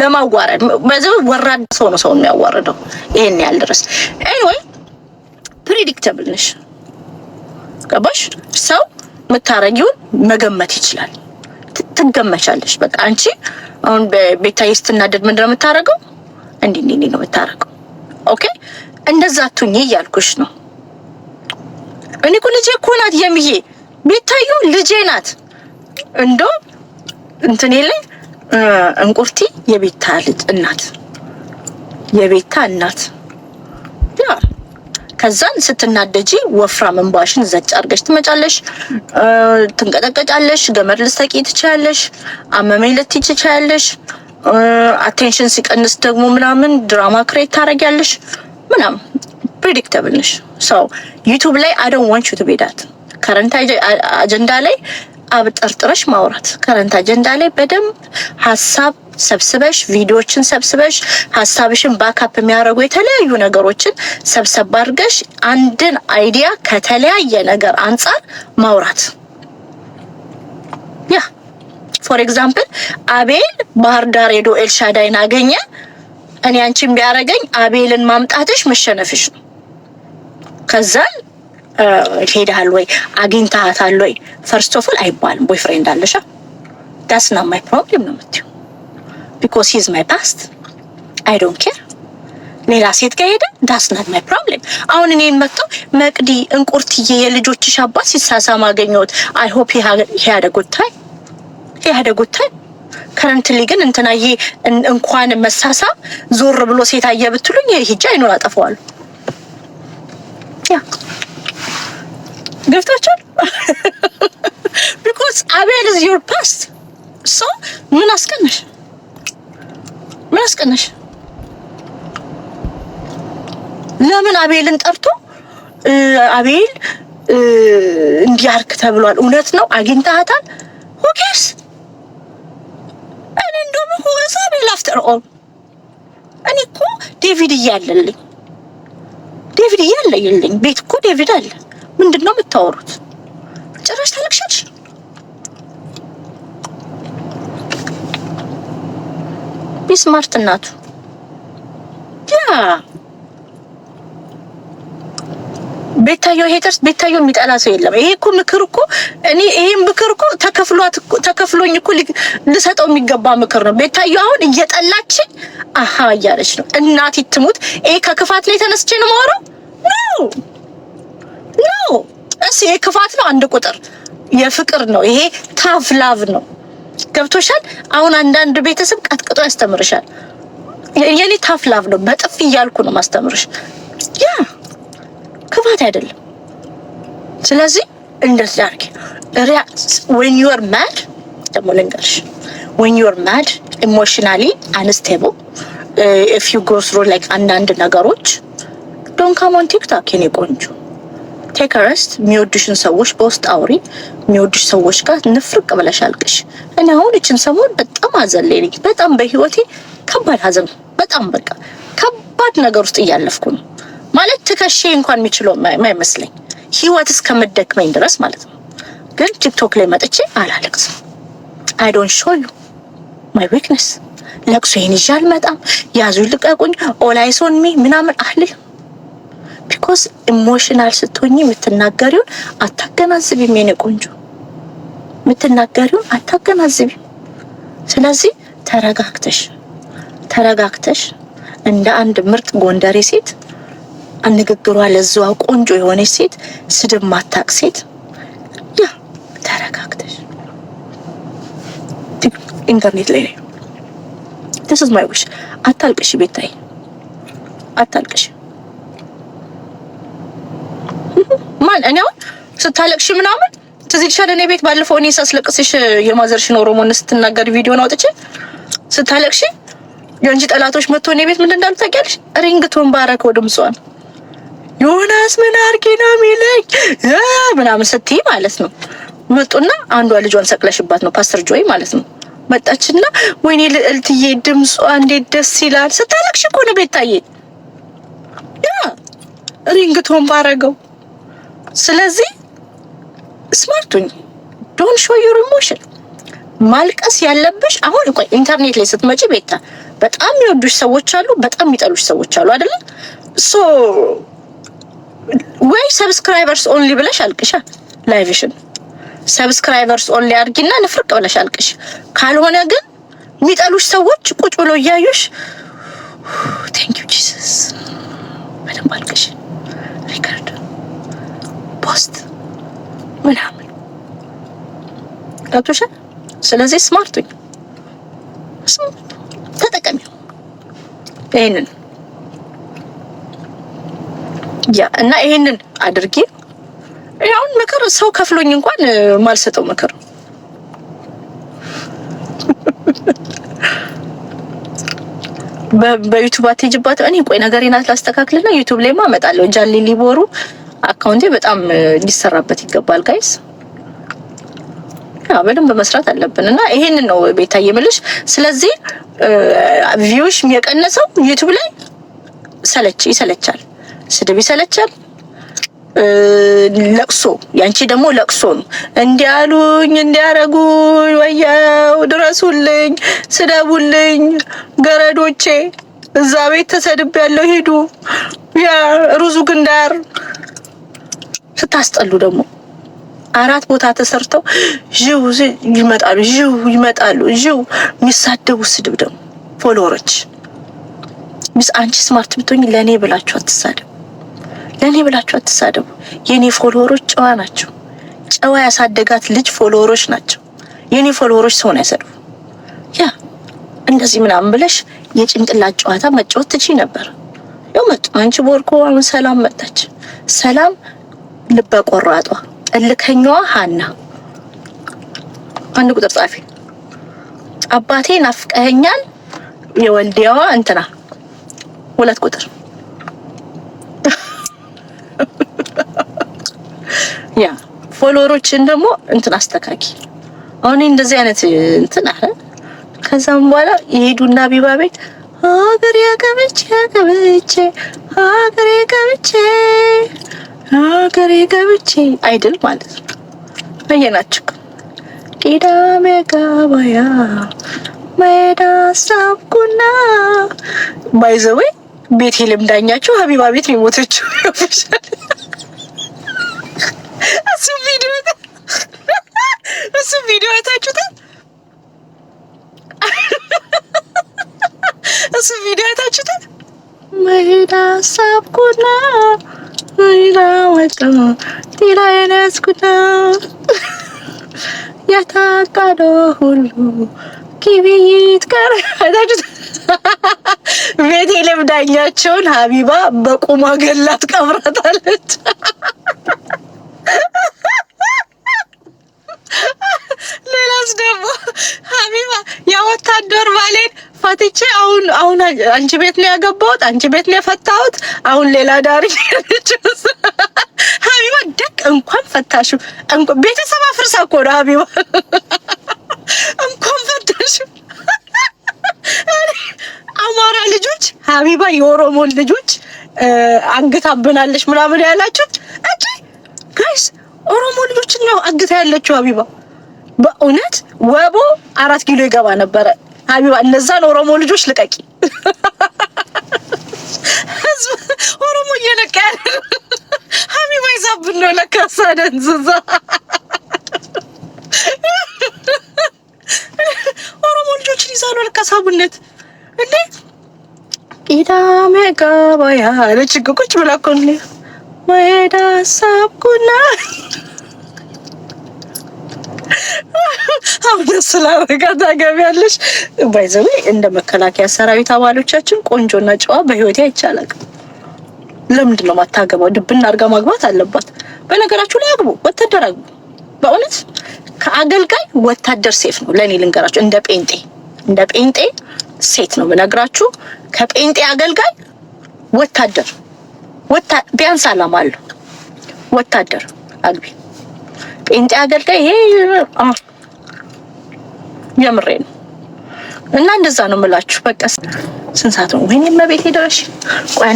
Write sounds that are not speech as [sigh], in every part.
ለማዋረድ በዚህ ወራድ ሰው ነው ሰው የሚያዋርደው። ይሄን ያህል ድረስ ኤኒዌይ ፕሪዲክተብል ነሽ። ገባሽ? ሰው የምታረጊውን መገመት ይችላል። ትገመቻለሽ። በቃ አንቺ አሁን ቤታዬ ስትናደድ ምንድን ነው የምታረገው? እንዲህ እንዲህ ነው የምታረገው። ኦኬ እንደዛ አትሁኚ እያልኩሽ ነው። እኔ እኮ ልጄ እኮ ናት የሚዬ ቤታዩ ልጄ ናት። እንዶ እንትን የለኝ እንቁርቲ የቤታ ልጅ እናት የቤታ እናት ያ ከዛን ስትናደጂ ወፍራም እንባሽን ዘጭ አድርገሽ ትመጫለሽ፣ ትንቀጠቀጫለሽ፣ ገመድ ልትሰቂ ትችያለሽ፣ አመመኝ ልትይ ትችያለሽ። አቴንሽን ሲቀንስ ደግሞ ምናምን ድራማ ክሬት ታደርጊያለሽ ምናምን ፕሪዲክተብል ነሽ። ሰው ዩቱብ ላይ አይ ዶንት ዋንት ዩ ቱ ቢ ዳት ከረንት አጀንዳ ላይ አብጠርጥረሽ ማውራት ከረንት አጀንዳ ላይ በደንብ ሀሳብ ሰብስበሽ ቪዲዮዎችን ሰብስበሽ ሀሳብሽን ባካፕ የሚያደርጉ የተለያዩ ነገሮችን ሰብሰብ አድርገሽ አንድን አይዲያ ከተለያየ ነገር አንጻር ማውራት ያ ፎር ኤግዛምፕል አቤል ባህር ዳር ሄዶ ኤልሻዳይን አገኘ። እኔ አንቺን ቢያደርገኝ አቤልን ማምጣትሽ መሸነፍሽ ነው። ከዛን ሄደሃል ወይ አግኝታሃታል ወይ ፈርስት ኦፍ ኦል አይባልም። ቦይፍሬንድ አለሻ ዳስ ና ማይ ፕሮብሌም ነው የምትይው። ቢኮዝ ሂዝ ማይ ፓስት አይ ዶንት ኬር። ሌላ ሴት ጋር ሄደ ዳስ ናት ማይ ፕሮብሌም። አሁን እኔን መጥተው መቅዲ እንቁርትዬ የልጆችሽ አባት ሲሳሳም አገኘሁት አይ ሆፕ ያደጉታይ ያደጉታይ ከረንትሊ ግን እንትና እንትናዬ እንኳን መሳሳም ዞር ብሎ ሴት አየ ብትሉኝ ሂጃ አይኖር አጠፋዋለሁ ያ ገብታችኋል? ቢኮዝ አቤል ኢዝ ዮር ፓስት ሶ ምን አስቀነሽ? ምን አስቀነሽ? ለምን አቤልን ጠርቶ አቤል እንዲያርክ ተብሏል፣ እውነት ነው አግኝተሃታል? ሁኬስ እኔ እንደውም ሁዛ አቤል አፍተር ኦል እኔ እኮ ዴቪድ እያለልኝ ዴቪድ እያለ የለኝ ቤት እኮ ዴቪድ አለ ምንድን ነው የምታወሩት? ጭራሽ ታለቅሻለሽ። ቢስማርት እናቱ ያ ቤታዮ ሄተርስ ቤታዮ የሚጠላ ሰው የለም። ይሄ እኮ ምክር እኮ እኔ ይሄን ምክር እኮ ተከፍሏት ተከፍሎኝ እኮ ልሰጠው የሚገባ ምክር ነው። ቤታዮ አሁን እየጠላችኝ አሃ እያለች ነው። እናት ትሙት። ይሄ ከክፋት ላይ ተነስቼ ነው የማወራው ነው ነው። እስ ይሄ ክፋት ነው። አንድ ቁጥር የፍቅር ነው። ይሄ ታፍ ላቭ ነው። ገብቶሻል። አሁን አንዳንድ ቤተሰብ ቀጥቅጦ ያስተምርሻል። የኔ ታፍ ላቭ ነው። በጥፍ እያልኩ ነው ማስተምርሽ። ያ ክፋት አይደለም። ስለዚህ እንደዚህ አድርጊ። ዌን ዩ አር ማድ ደግሞ ልንገርሽ፣ ዌን ዩ አር ማድ ኢሞሽናሊ አንስቴብል ኢፍ ዩ ጎ ስሩ ላይክ አንዳንድ ነገሮች ዶንት ካም ኦን ቲክታክ የኔ ቆንጆ ቴክ የሚወዱሽን ሰዎች በውስጥ አውሪ። የሚወዱሽ ሰዎች ጋር ንፍርቅ ብለሽ አልቅሽ። እኔ አሁን እችን ሰሞን በጣም ሀዘን ነኝ። በጣም በህይወቴ ከባድ ሀዘን፣ በጣም በቃ ከባድ ነገር ውስጥ እያለፍኩ ነው ማለት ትከሼ እንኳን የሚችለው የማይመስለኝ ህይወት እስከምደክመኝ ድረስ ማለት ነው። ግን ቲክቶክ ላይ መጥቼ አላለቅስም። አይ ዶንት ሾ ዩ ማይ ዊክነስ ለቅሶ ይሄን ይዤ አልመጣም። ያዙ ልቀቁኝ፣ ኦላይሶን ሚ ምናምን አልልም። ቢኮዝ ኢሞሽናል ስትሆኝ የምትናገሪውን አታገናዝቢም። የኔ ቆንጆ የምትናገሪውን አታገናዝቢም። ስለዚህ ተረጋግተሽ ተረጋግተሽ እንደ አንድ ምርጥ ጎንደሬ ሴት ንግግሯ ለዛዋ ቆንጆ የሆነች ሴት፣ ስድብ ማታቅ ሴት ያ ተረጋግተሽ ኢንተርኔት ላይ ነው። ዲስ ኢዝ ማይ ዊሽ። አታልቅሽ ቤታይ፣ አታልቅሽ። ማን እኔ አሁን ስታለቅሽ ምናምን ትዝ ይልሻል። እኔ ቤት ባለፈው እኔ ሳስለቅስሽ የማዘርሽን ኦሮሞን ስትናገር ቪዲዮን አውጥቼ ስታለቅሽ የአንቺ ጠላቶች መጥቶ እኔ ቤት ምንድን እንዳሉ ታውቂያለሽ? ሪንግቶን ባረከው ድምጿን ዮናስ ምን አርጌ ነው የሚለኝ ምናምን ስትይ ማለት ነው። መጡና አንዷ ልጇን ሰቅለሽባት ነው ፓስተር ጆይ ማለት ነው። መጣችና ወይኔ ልዕልትዬ ድምጿ እንዴት ደስ ይላል ስታለቅሽ እኮ ነው ቤታዬ ሪንግቶን ባረገው ስለዚህ ስማርቱኝ ዶን ሾ ዩር ኢሞሽን ማልቀስ ያለብሽ አሁን እኮ ኢንተርኔት ላይ ስትመጪ ቤታ በጣም የሚወዱሽ ሰዎች አሉ፣ በጣም የሚጠሉሽ ሰዎች አሉ አይደለ? ሶ ወይ ሰብስክራይበርስ ኦንሊ ብለሽ አልቅሻ ላይቭሽን ሰብስክራይበርስ ኦንሊ አድርጊና ንፍርቅ ብለሽ አልቅሽ። ካልሆነ ግን የሚጠሉሽ ሰዎች ቁጭ ብሎ እያዩሽ ቴንክ ዩ ጂሰስ በደንብ አልቅሽ ሪካርድ ፖስት ምናምን ገብቶሻል። ስለዚህ ስማርቱኝ ተጠቀሚው ይሄንን ያ እና ይሄንን አድርጊ። ያሁን ምክር ሰው ከፍሎኝ እንኳን ማልሰጠው ምክር በዩቱብ አትሄጂባት። እኔ ቆይ ነገሬን ላስተካክልና ዩቱብ ላይማ እመጣለሁ። ጃሊ ሊቦሩ አካውንቴ በጣም ሊሰራበት ይገባል ጋይስ። በደንብ መስራት አለብን እና ይሄንን ነው ቤታ የምልሽ። ስለዚህ ቪውሽ የቀነሰው ዩቲዩብ ላይ ሰለች ይሰለቻል፣ ስድብ ይሰለቻል። ለቅሶ ያንቺ ደግሞ ለቅሶ ነው። እንዲያሉኝ እንዲያረጉኝ፣ ወያው ድረሱልኝ፣ ስደቡልኝ፣ ገረዶቼ እዛ ቤት ተሰድብ ያለው ሄዱ ያ ሩዙ ግንዳር የምታስጠሉ ደግሞ አራት ቦታ ተሰርተው ዥው ይመጣሉ፣ ዥው ይመጣሉ፣ ዥው የሚሳደቡ ስድብ ደግሞ ፎሎወሮች ሚስ አንቺ ስማርት ብትሆኝ ለእኔ ብላችሁ አትሳደቡ፣ ለእኔ ብላችሁ አትሳደቡ። የእኔ ፎሎወሮች ጨዋ ናቸው። ጨዋ ያሳደጋት ልጅ ፎሎወሮች ናቸው። የእኔ ፎሎወሮች ሰውን አይሰድቡ። ያ እንደዚህ ምናምን ብለሽ የጭንቅላት ጨዋታ መጫወት ትችይ ነበር። ያው መጡ። አንቺ ቦርኮ አሁን ሰላም መጣች። ሰላም ልበ ቆራጧ እልከኛዋ ሀና አንድ ቁጥር ጻፊ አባቴ ናፍቀኸኛል የወልዲያዋ እንትና ሁለት ቁጥር [laughs] ያ ፎሎወሮችን ደግሞ እንትን አስተካኪ። አሁን እንደዚህ አይነት እንትን አረ ከዛም በኋላ የሄዱና ቢባ ቤት ሀገሬ ገብቼ ገብቼ ሀገሬ ገብቼ ሀገሬ ገብቼ አይድል ማለት ነው። አየናችሁ ቂዳሜ ገበያ ሜዳ ሳብኩና ባይዘዌ ቤቴልም ዳኛችሁ ሀቢባ ቤት ነው የሞተችው። እሱ ቪዲዮ አይታችሁታል። እሱም ቪዲዮ አይታችሁታል። ሜዳ ሳብኩና ይናወጣ ጢራዬን ያስኩት የታቀደ ሁሉ ግብይት ቀረ። ቤቴልሔም ዳኛቸውን ሀቢባ በቁማ ገላት ቀብራታለች። አንቺ ቤት ነው ያገባሁት፣ አንቺ ቤት ነው የፈታሁት። አሁን ሌላ ዳሪ ልጅስ ሀቢባ ደግ እንኳን ፈታሹ እንኳን ቤተሰብ አፍርሳ እኮ ነው ሀቢባ እንኳን ፈታሹ። አማራ ልጆች ሀቢባ የኦሮሞን ልጆች አግታብናለች ምናምን ያላችሁት እንጂ ጋይስ ኦሮሞ ልጆችን ነው አግታ ያለችው ሀቢባ። በእውነት ወቦ አራት ኪሎ ይገባ ነበረ ሀቢባ። እነዛን ኦሮሞ ልጆች ልቀቂ። ህዝብ ኦሮሞ እየለቀ ያለ ሀቢባ ይዛብን ነው ለካ ሳደንዝዛ ኦሮሞ ልጆችን ይዛ ነው ለካ ሳቡነት እንዴ ያለች ቁጭ ብላ እኮ አሁን ስላረጋ ታገቢያለሽ። ባይዘዌ እንደ መከላከያ ሰራዊት አባሎቻችን ቆንጆና ጨዋ በህይወቴ አይቻላል። ለምንድን ነው ማታገባው? ድብና አድርጋ ማግባት አለባት። በነገራችሁ ላይ አግቡ፣ ወታደር አግቡ። በእውነት ከአገልጋይ ወታደር ሴፍ ነው ለእኔ ልንገራችሁ። እንደ ጴንጤ እንደ ጴንጤ ሴት ነው ብነግራችሁ፣ ከጴንጤ አገልጋይ ወታደር ቢያንስ አላማ አለው። ወታደር አግቢ። ጴንጤ አገልጋይ ይሄ የምሬ ነው። እና እንደዛ ነው የምላችሁ። በቃ ስንት ሰዓት ነው? ወይኔ መቤት ሄደሽ ቆይ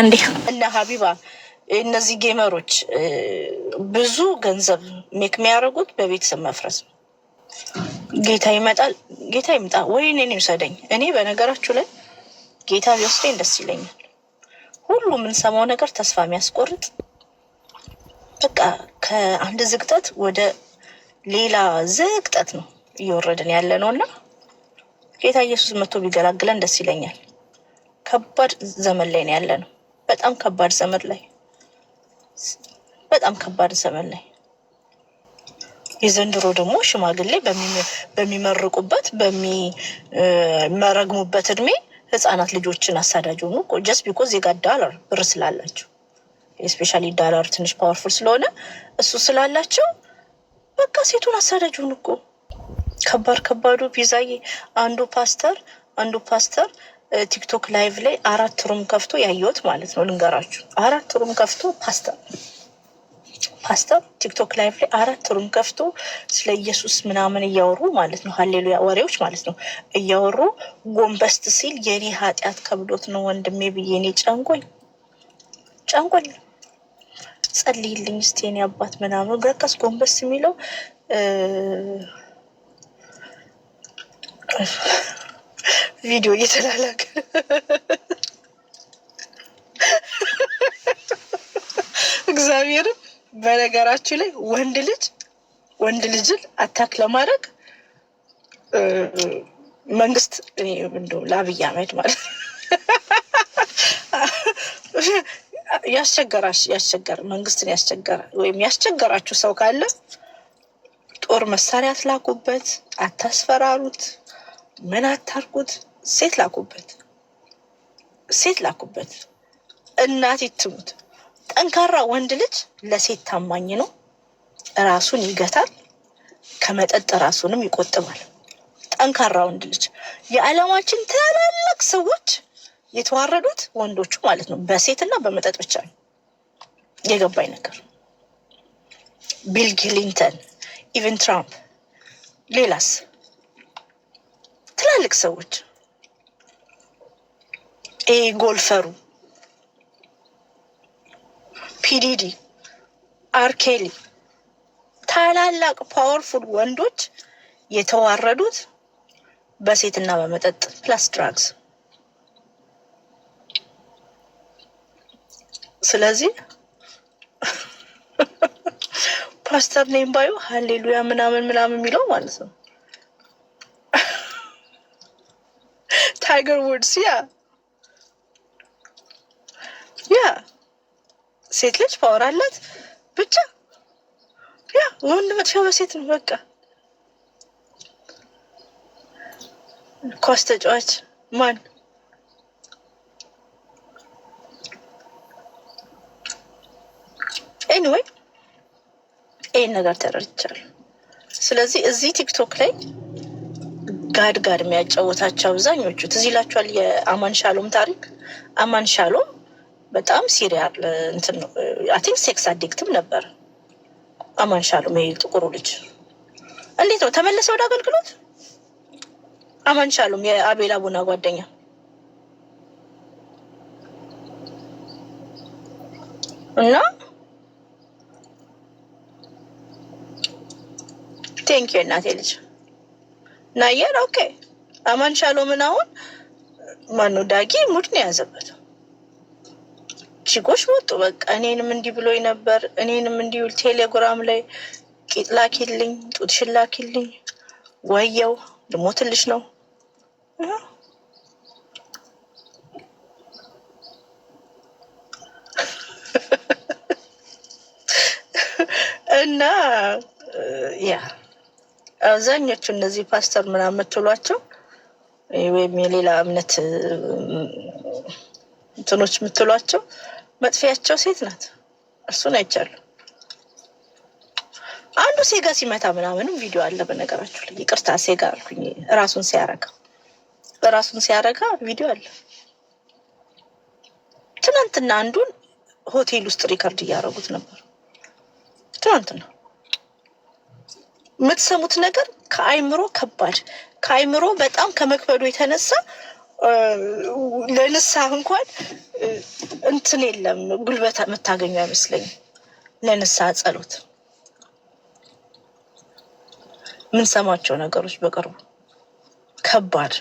አንዴ። እና ሀቢባ እነዚህ ጌመሮች ብዙ ገንዘብ ሜክ የሚያደርጉት በቤተሰብ መፍረስ ነው። ጌታ ይመጣል፣ ጌታ ይምጣ ወይ እኔን ይውሰደኝ። እኔ በነገራችሁ ላይ ጌታ ቢወስደኝ ደስ ይለኛል። ሁሉ የምንሰማው ነገር ተስፋ የሚያስቆርጥ በቃ ከአንድ ዝግጠት ወደ ሌላ ዝግጠት ነው እየወረድን ያለ ነው እና ጌታ ኢየሱስ መቶ ቢገላግለን ደስ ይለኛል። ከባድ ዘመን ላይ ነው ያለ ነው። በጣም ከባድ ዘመን ላይ በጣም ከባድ ዘመን ላይ የዘንድሮ ደግሞ ሽማግሌ በሚመርቁበት በሚመረግሙበት እድሜ ህፃናት ልጆችን አሳዳጅ ሆኑ ጀስት ቢኮዝ የጋዳ ብር ስላላቸው ስፔሻሊ ዳላር ትንሽ ፓወርፉል ስለሆነ እሱ ስላላቸው በቃ ሴቱን አሳዳጁን እኮ ከባድ ከባዱ ፒዛዬ አንዱ ፓስተር አንዱ ፓስተር ቲክቶክ ላይቭ ላይ አራት ሩም ከፍቶ ያየሁት ማለት ነው። ልንገራችሁ አራት ሩም ከፍቶ ፓስተር ፓስተር ቲክቶክ ላይቭ ላይ አራት ሩም ከፍቶ ስለ ኢየሱስ ምናምን እያወሩ ማለት ነው፣ ሀሌሉያ ወሬዎች ማለት ነው እያወሩ ጎንበስት ሲል የኔ ኃጢአት ከብዶት ነው ወንድሜ ብዬ እኔ ጨንቆኝ ጨንቆኝ ጸልይልኝ እስቲ የኔ አባት ምናምን ረቀስ ጎንበስ የሚለው ቪዲዮ እየተላላከ እግዚአብሔርም በነገራችሁ ላይ ወንድ ልጅ ወንድ ልጅን አታክ ለማድረግ መንግስት እንደው ለአብይ አህመድ ማለት ያስቸገር መንግስትን ያስቸገረ ወይም ያስቸገራችሁ ሰው ካለ ጦር መሳሪያ አትላኩበት፣ አታስፈራሩት፣ ምን አታርጉት። ሴት ላኩበት፣ ሴት ላኩበት፣ እናት ይትሙት። ጠንካራ ወንድ ልጅ ለሴት ታማኝ ነው። ራሱን ይገታል፣ ከመጠጥ ራሱንም ይቆጥባል። ጠንካራ ወንድ ልጅ የዓለማችን ታላላቅ ሰዎች የተዋረዱት ወንዶቹ ማለት ነው። በሴትና በመጠጥ ብቻ ነው የገባኝ ነገር። ቢል ክሊንተን፣ ኢቨን ትራምፕ፣ ሌላስ ትላልቅ ሰዎች ይሄ ጎልፈሩ ፒዲዲ፣ አርኬሊ ታላላቅ ፓወርፉል ወንዶች የተዋረዱት በሴትና በመጠጥ ፕላስ ድራግስ ስለዚህ ፓስተር ኔም ባዩ ሀሌሉያ ምናምን ምናምን የሚለው ማለት ነው። ታይገር ውድስ ያ ያ ሴት ልጅ ፓወር አላት ብቻ ያ ወንድ መጥፊያ በሴት ነው። በቃ ኳስ ተጫዋች ማን ኤኒዌይ ይህን ነገር ተረድቻለሁ። ስለዚህ እዚህ ቲክቶክ ላይ ጋድ ጋድ የሚያጫወታቸው አብዛኞቹ ትዝ ይላችኋል። የአማን ሻሎም ታሪክ አማን ሻሎም በጣም ሲሪያል እንትን ነው። አይ ቲንክ ሴክስ አዲክትም ነበር አማን ሻሎም። ይሄ ጥቁሩ ልጅ እንዴት ነው ተመለሰ ወደ አገልግሎት? አማን ሻሎም የአቤላ ቡና ጓደኛ እና ቴንክ ዩ እናቴ ልጅ ናየር ኦኬ። አማን ሻሎምን አሁን ማነው ዳጊ ሙድ ነው የያዘበት። ችጎች መጡ በቃ። እኔንም እንዲህ ብሎኝ ነበር፣ እኔንም እንዲሁ ቴሌግራም ላይ ቂጥ ላኪልኝ፣ ጡትሽን ላኪልኝ፣ ወየው ልሞትልሽ ነው እና ያ አብዛኞቹ እነዚህ ፓስተር ምናምን የምትሏቸው ወይም የሌላ እምነት እንትኖች የምትሏቸው መጥፊያቸው ሴት ናት። እርሱን አይቻሉ አንዱ ሴጋ ሲመታ ምናምንም ቪዲዮ አለ። በነገራችሁ ላይ ይቅርታ ሴጋ አልኩኝ። ራሱን ሲያረጋ ራሱን ሲያረጋ ቪዲዮ አለ። ትናንትና አንዱን ሆቴል ውስጥ ሪከርድ እያደረጉት ነበር። ትናንትና የምትሰሙት ነገር ከአይምሮ ከባድ ከአይምሮ በጣም ከመክበዱ የተነሳ ለንስሐ እንኳን እንትን የለም ጉልበት የምታገኙ አይመስለኝም። ለንስሐ ጸሎት የምንሰማቸው ነገሮች በቅርቡ ከባድ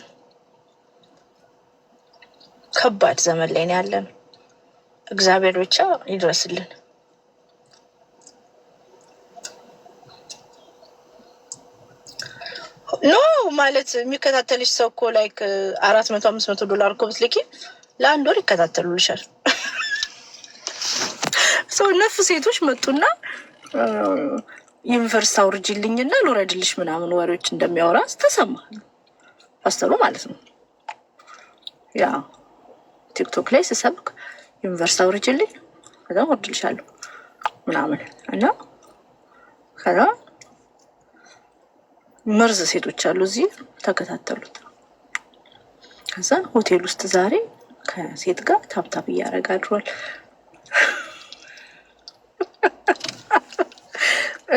ከባድ ዘመን ላይ ያለን እግዚአብሔር ብቻ ይድረስልን። ማለት የሚከታተልሽ ሰው እኮ ላይክ አራት መቶ አምስት መቶ ዶላር እኮ ብትልኪ ለአንድ ወር ይከታተሉልሻል። ሰው [laughs] ነፍ ሴቶች መጡና ዩኒቨርስቲ አውርጅልኝ አውርጅልኝና ልውረድልሽ ምናምን ወሬዎች እንደሚያወራ ተሰማ ፓስተሩ ማለት ነው። ያ ቲክቶክ ላይ ስሰብክ ዩኒቨርስቲ አውርጅልኝ ከዛ ወርድልሻለሁ ምናምን እና ከዛ መርዝ ሴቶች አሉ እዚህ ተከታተሉት። ከዛ ሆቴል ውስጥ ዛሬ ከሴት ጋር ታብታብ እያደረገ አድሯል።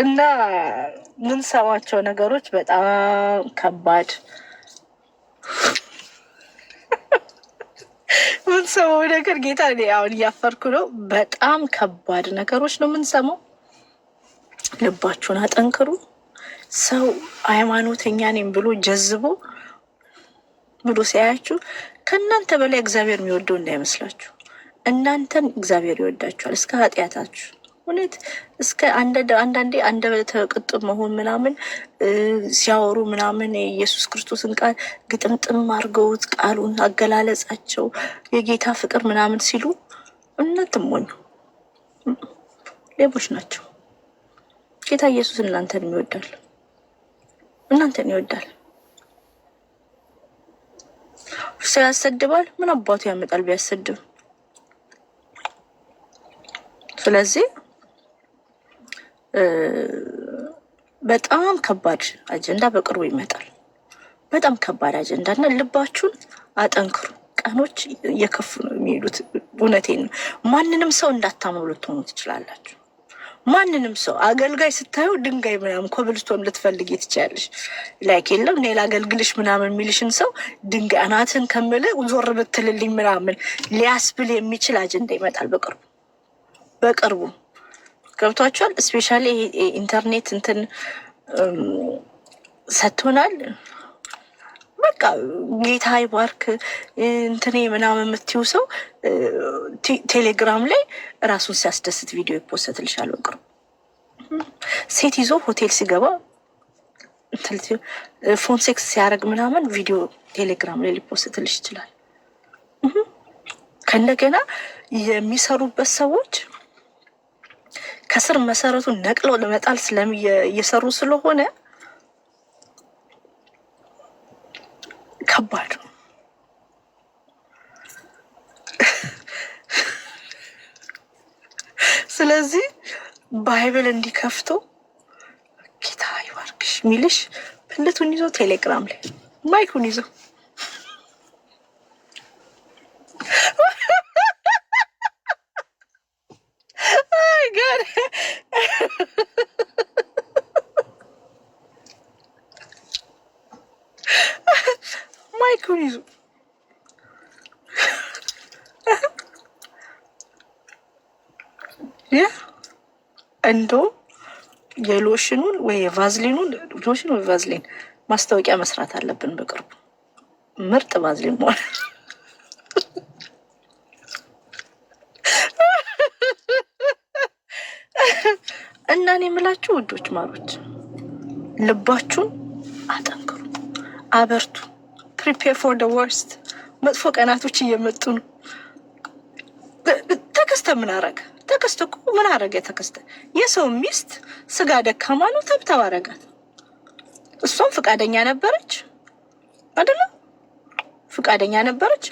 እና ሰማቸው ነገሮች በጣም ከባድ ምንሰማው ነገር ጌታ፣ እኔ አሁን እያፈርኩ ነው። በጣም ከባድ ነገሮች ነው ምንሰማው? ልባችሁን አጠንክሩ። ሰው ሃይማኖተኛ ነኝ ብሎ ጀዝቦ ብሎ ሲያያችሁ ከእናንተ በላይ እግዚአብሔር የሚወደው እንዳይመስላችሁ። እናንተን እግዚአብሔር ይወዳችኋል እስከ ኃጢአታችሁ። እውነት እስከ አንዳንዴ አንደበተ ቅጥብ መሆን ምናምን ሲያወሩ ምናምን የኢየሱስ ክርስቶስን ቃል ግጥምጥም አድርገውት ቃሉን አገላለጻቸው የጌታ ፍቅር ምናምን ሲሉ እናንተም ሞኙ ሌቦች ናቸው። ጌታ ኢየሱስ እናንተን ይወዳል። እናንተን ይወዳል። ሰው ያሰድባል። ምን አባቱ ያመጣል ቢያሰድብ? ስለዚህ በጣም ከባድ አጀንዳ በቅርቡ ይመጣል። በጣም ከባድ አጀንዳ እና ልባችሁን አጠንክሩ። ቀኖች እየከፉ ነው የሚሄዱት። እውነቴን ነው። ማንንም ሰው እንዳታምኑ ልትሆኑ ትችላላችሁ። ማንንም ሰው አገልጋይ ስታዩ ድንጋይ ምናምን ኮብልስቶን ልትፈልጊ ትችያለሽ። ላይክ የለም ሌላ አገልግልሽ ምናምን የሚልሽን ሰው ድንጋይ አናትን ከምል ዞር ብትልልኝ ምናምን ሊያስብል የሚችል አጀንዳ ይመጣል በቅርቡ በቅርቡ ገብቷቸዋል። እስፔሻሊ ኢንተርኔት እንትን ሰጥቶናል። በቃ ጌታ ይባርክ እንትኔ ምናምን የምትይው ሰው ቴሌግራም ላይ ራሱን ሲያስደስት ቪዲዮ ይፖሰትልሻል። በቅሩ ሴት ይዞ ሆቴል ሲገባ ፎን ሴክስ ሲያደርግ ምናምን ቪዲዮ ቴሌግራም ላይ ሊፖስትልሽ ይችላል። ከእንደገና የሚሰሩበት ሰዎች ከስር መሰረቱን ነቅለው ለመጣል እየሰሩ ስለሆነ ከባድ ነው። ስለዚህ ባይብል እንዲከፍቶ ጌታ ይባርክሽ የሚልሽ በእንደቱን ይዞ ቴሌግራም ላይ ማይኩን ይዞ ጥርሱን ይዞ እንደውም የሎሽኑን ወይ የቫዝሊኑን ሎሽን ወይ ቫዝሊን ማስታወቂያ መስራት አለብን በቅርቡ ምርጥ ቫዝሊን መሆን [laughs] እና እኔ የምላችሁ ውዶች ማሮች ልባችሁን አጠንክሩ፣ አበርቱ። ፕሪፔር ፎር ደ ወርስት መጥፎ ቀናቶች እየመጡ ነው። ተከስተ ምን አረገ? ተከስተ እኮ ምን አረገ? የተከስተ የሰው ሚስት ስጋ ደካማ ነው፣ ተብተው አረጋት። እሷም ፍቃደኛ ነበረች አይደለም? ፍቃደኛ ነበረች።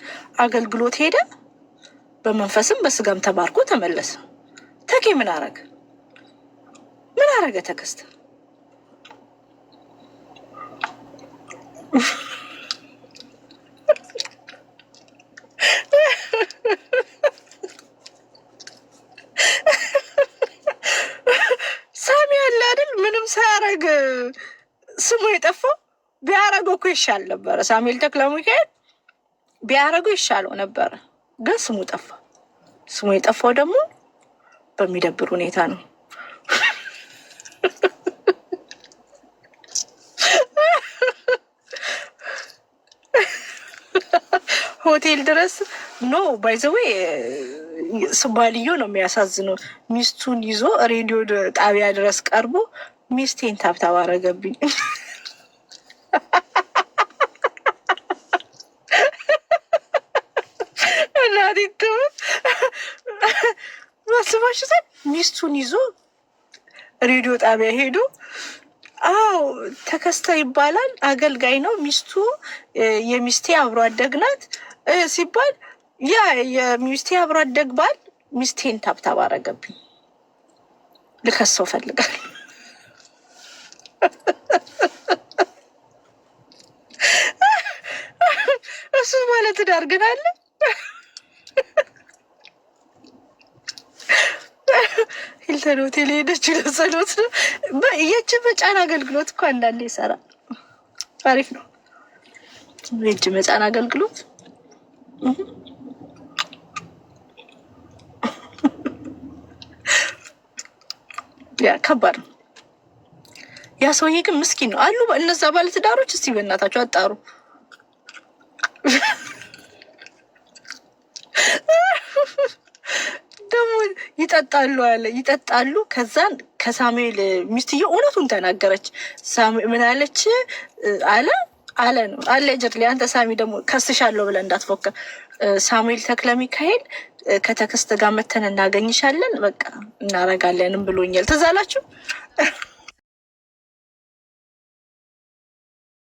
አገልግሎት ሄደ፣ በመንፈስም በስጋም ተባርኮ ተመለሰ። ተኬ ምን አረገ? ምን አረገ? ተከስተ ሳሚ ያለ አይደል? ምንም ሳያረግ ስሙ የጠፋው ቢያረገው እኮ ይሻል ነበረ። ሳሙኤል ተክለሚካኤል ቢያረገው ይሻለው ነበረ፣ ግን ስሙ ጠፋ። ስሙ የጠፋው ደግሞ በሚደብር ሁኔታ ነው። ሆቴል ድረስ ኖ ባይዘዌ ባልዮ ነው የሚያሳዝነው። ሚስቱን ይዞ ሬዲዮ ጣቢያ ድረስ ቀርቦ ሚስቴን ታብታብ አረገብኝ። [laughs] እናቴት ማስባሽታል ሚስቱን ይዞ ሬዲዮ ጣቢያ ሄዶ አዎ ተከስተ ይባላል። አገልጋይ ነው። ሚስቱ የሚስቴ አብሮ አደግናት ናት። ሲባል ያ የሚስቴ አብሮ አደግ ባል ሚስቴን ታብታብ አረገብኝ። ልከሰው ፈልጋል። እሱ ማለት ትዳር ግን አለ ሂልተን ሆቴል ሄደች ለጸሎት ነው። የእጅ መጫን አገልግሎት እኮ አንዳንዴ ይሰራል። አሪፍ ነው የእጅ መጫን አገልግሎት [laughs] ከባድ ነው። ያ ሰውዬ ግን ምስኪን ነው አሉ እነዛ ባለትዳሮች። እስቲ በእናታቸው አጣሩ። [laughs] ደግሞ ይጠጣሉ አለ ይጠጣሉ። ከዛን ከሳሙኤል ሚስትየው እውነቱን ተናገረች። ምን አለች አለ አለ ነው አለ ጅር አንተ ሳሚ ደግሞ ከስሻለሁ ብለን እንዳትፎክር። ሳሙኤል ተክለ ሚካኤል ከተክስት ጋር መተን እናገኝሻለን፣ በቃ እናረጋለንም ብሎኛል። ትዛላችሁ